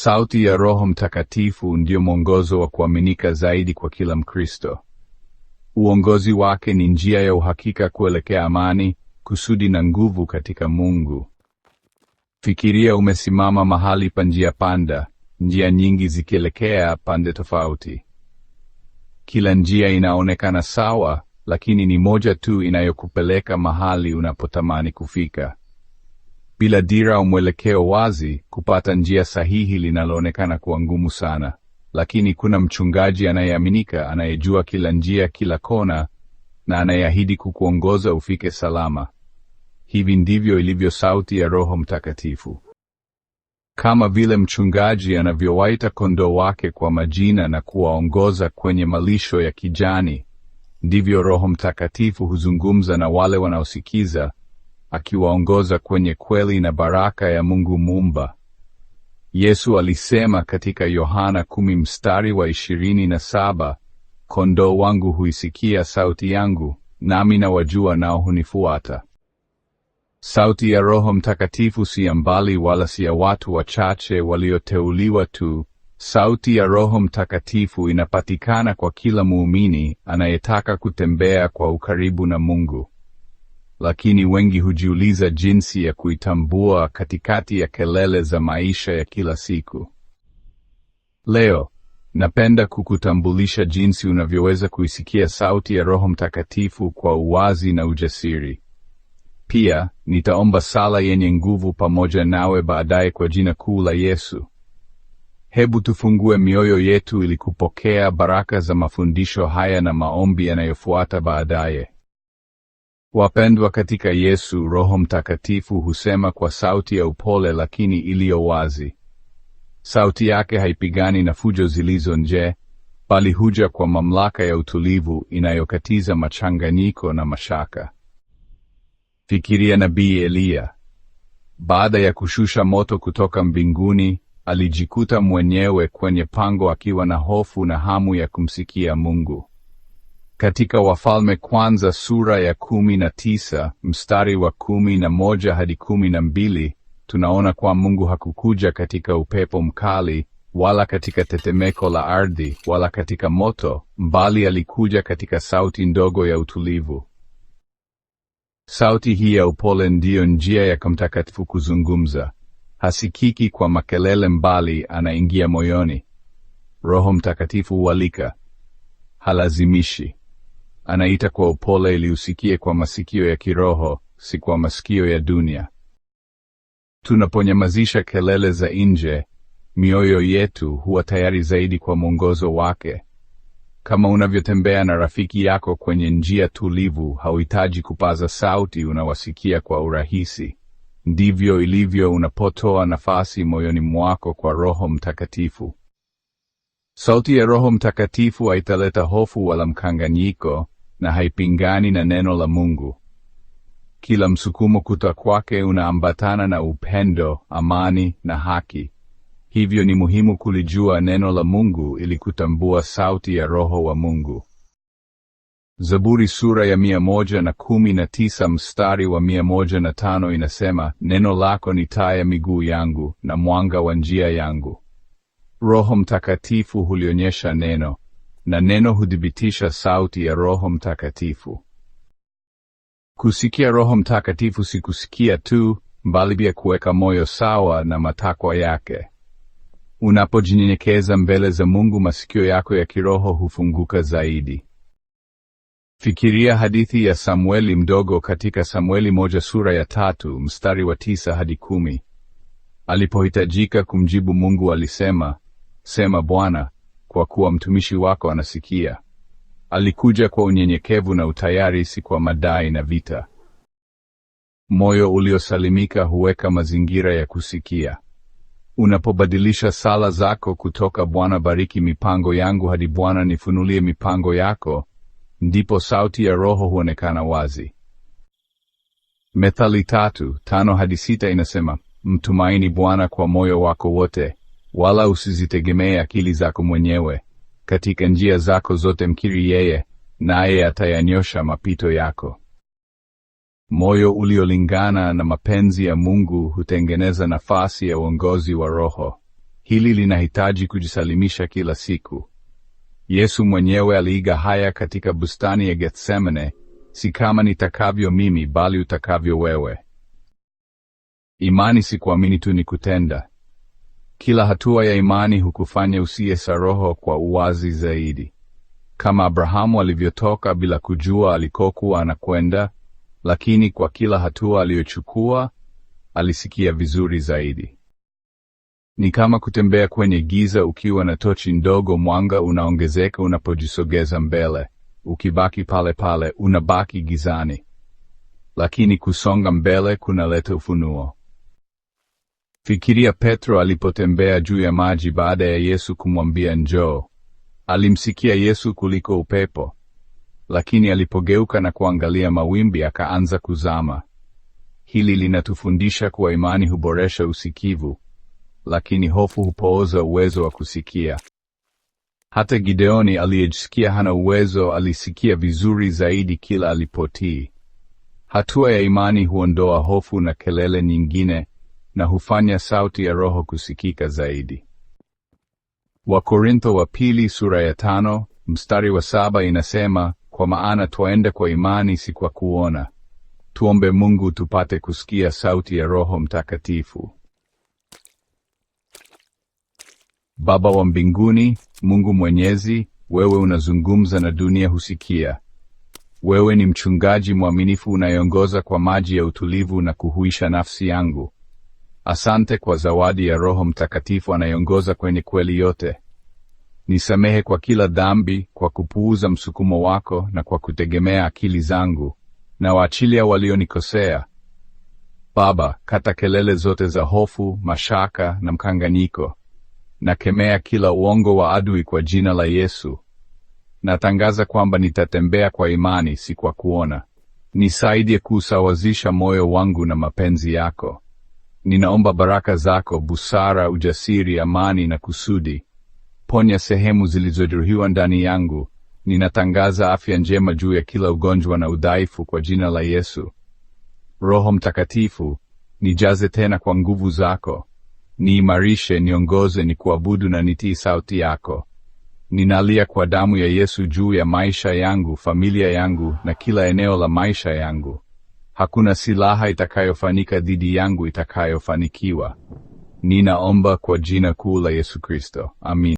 Sauti ya Roho Mtakatifu ndiyo mwongozo wa kuaminika zaidi kwa kila Mkristo. Uongozi wake ni njia ya uhakika kuelekea amani, kusudi na nguvu katika Mungu. Fikiria umesimama mahali pa njia panda, njia nyingi zikielekea pande tofauti. Kila njia inaonekana sawa, lakini ni moja tu inayokupeleka mahali unapotamani kufika. Bila dira au mwelekeo wazi, kupata njia sahihi linaloonekana kuwa ngumu sana, lakini kuna mchungaji anayeaminika, anayejua kila njia, kila kona, na anayeahidi kukuongoza ufike salama. Hivi ndivyo ilivyo sauti ya Roho Mtakatifu. Kama vile mchungaji anavyowaita kondoo wake kwa majina na kuwaongoza kwenye malisho ya kijani, ndivyo Roho Mtakatifu huzungumza na wale wanaosikiza akiwaongoza kwenye kweli na baraka ya Mungu Muumba. Yesu alisema katika Yohana kumi mstari wa ishirini na saba kondoo wangu huisikia sauti yangu, nami nawajua, nao hunifuata. Sauti ya Roho Mtakatifu si ya mbali wala si ya watu wachache walioteuliwa tu. Sauti ya Roho Mtakatifu inapatikana kwa kila muumini anayetaka kutembea kwa ukaribu na Mungu lakini wengi hujiuliza jinsi ya kuitambua katikati ya kelele za maisha ya kila siku. Leo napenda kukutambulisha jinsi unavyoweza kuisikia sauti ya Roho Mtakatifu kwa uwazi na ujasiri. Pia nitaomba sala yenye nguvu pamoja nawe baadaye kwa jina kuu la Yesu. Hebu tufungue mioyo yetu ili kupokea baraka za mafundisho haya na maombi yanayofuata baadaye. Wapendwa katika Yesu, Roho Mtakatifu husema kwa sauti ya upole lakini iliyo wazi. Sauti yake haipigani na fujo zilizo nje, bali huja kwa mamlaka ya utulivu inayokatiza machanganyiko na mashaka. Fikiria nabii Eliya. Baada ya kushusha moto kutoka mbinguni, alijikuta mwenyewe kwenye pango akiwa na hofu na hamu ya kumsikia Mungu. Katika Wafalme Kwanza sura ya kumi na tisa mstari wa kumi na moja hadi kumi na mbili tunaona kwa Mungu hakukuja katika upepo mkali wala katika tetemeko la ardhi wala katika moto, mbali alikuja katika sauti ndogo ya utulivu. Sauti hii ya upole ndiyo njia ya Mtakatifu kuzungumza. Hasikiki kwa makelele, mbali anaingia moyoni. Roho Mtakatifu walika, halazimishi. Anaita kwa upole ili usikie kwa masikio ya kiroho, si kwa masikio ya dunia. Tunaponyamazisha kelele za nje, mioyo yetu huwa tayari zaidi kwa mwongozo wake. Kama unavyotembea na rafiki yako kwenye njia tulivu, hauhitaji kupaza sauti, unawasikia kwa urahisi. Ndivyo ilivyo unapotoa nafasi moyoni mwako kwa Roho Mtakatifu. Sauti ya Roho Mtakatifu haitaleta hofu wala mkanganyiko, na haipingani na neno la Mungu. Kila msukumo kutoka kwake unaambatana na upendo, amani na haki. Hivyo ni muhimu kulijua neno la Mungu ili kutambua sauti ya Roho wa Mungu. Zaburi sura ya mia moja na kumi na tisa mstari wa mia moja na tano inasema, neno lako ni taa ya miguu yangu na mwanga wa njia yangu. Roho Mtakatifu hulionyesha neno na neno huthibitisha sauti ya Roho Mtakatifu. Kusikia Roho Mtakatifu si kusikia tu, bali pia kuweka moyo sawa na matakwa yake. Unapojinyenyekeza mbele za Mungu, masikio yako ya kiroho hufunguka zaidi. Fikiria hadithi ya Samueli mdogo katika Samueli moja sura ya tatu mstari wa tisa hadi kumi. Alipohitajika kumjibu Mungu alisema, sema Bwana, kwa kuwa mtumishi wako anasikia. Alikuja kwa unyenyekevu na utayari, si kwa madai na vita. Moyo uliosalimika huweka mazingira ya kusikia. Unapobadilisha sala zako kutoka Bwana bariki mipango yangu hadi Bwana nifunulie mipango yako, ndipo sauti ya Roho huonekana wazi. Methali tatu tano hadi sita inasema mtumaini Bwana kwa moyo wako wote wala usizitegemee akili zako mwenyewe. Katika njia zako zote mkiri yeye, naye atayanyosha mapito yako. Moyo uliolingana na mapenzi ya Mungu hutengeneza nafasi ya uongozi wa Roho. Hili linahitaji kujisalimisha kila siku. Yesu mwenyewe aliiga haya katika bustani ya Getsemane: si kama nitakavyo mimi, bali utakavyo wewe. Imani si kuamini tu, ni kutenda. Kila hatua ya imani hukufanya sa roho kwa uwazi zaidi. Kama Abrahamu alivyotoka bila kujua alikokuwa anakwenda, lakini kwa kila hatua aliyochukua alisikia vizuri zaidi. Ni kama kutembea kwenye giza ukiwa na tochi ndogo. Mwanga unaongezeka unapojisogeza mbele. Ukibaki pale pale, unabaki gizani, lakini kusonga mbele kunaleta ufunuo. Fikiria Petro alipotembea juu ya maji baada ya Yesu kumwambia njoo. Alimsikia Yesu kuliko upepo, lakini alipogeuka na kuangalia mawimbi akaanza kuzama. Hili linatufundisha kuwa imani huboresha usikivu, lakini hofu hupooza uwezo wa kusikia. Hata Gideoni aliyejisikia hana uwezo alisikia vizuri zaidi kila alipotii. Hatua ya imani huondoa hofu na kelele nyingine na hufanya sauti ya Roho kusikika zaidi. Wakorintho wa pili sura ya tano mstari wa saba inasema, kwa maana twaenda kwa imani, si kwa kuona. Tuombe Mungu tupate kusikia sauti ya Roho Mtakatifu. Baba wa mbinguni, Mungu Mwenyezi, wewe unazungumza na dunia husikia. Wewe ni mchungaji mwaminifu unayeongoza kwa maji ya utulivu na kuhuisha nafsi yangu. Asante kwa zawadi ya Roho Mtakatifu anayeongoza kwenye kweli yote. Nisamehe kwa kila dhambi, kwa kupuuza msukumo wako na kwa kutegemea akili zangu, na waachilia walionikosea. Baba, kata kelele zote za hofu, mashaka na mkanganyiko. Nakemea kila uongo wa adui kwa jina la Yesu. Natangaza kwamba nitatembea kwa imani, si kwa kuona. Nisaidie kusawazisha moyo wangu na mapenzi yako. Ninaomba baraka zako, busara, ujasiri, amani na kusudi. Ponya sehemu zilizojeruhiwa ndani yangu. Ninatangaza afya njema juu ya kila ugonjwa na udhaifu kwa jina la Yesu. Roho Mtakatifu, nijaze tena kwa nguvu zako. Niimarishe, niongoze, ni kuabudu na nitii sauti yako. Ninalia kwa damu ya Yesu juu ya maisha yangu, familia yangu na kila eneo la maisha yangu. Hakuna silaha itakayofanika dhidi yangu itakayofanikiwa. Ninaomba kwa jina kuu la Yesu Kristo. Amin.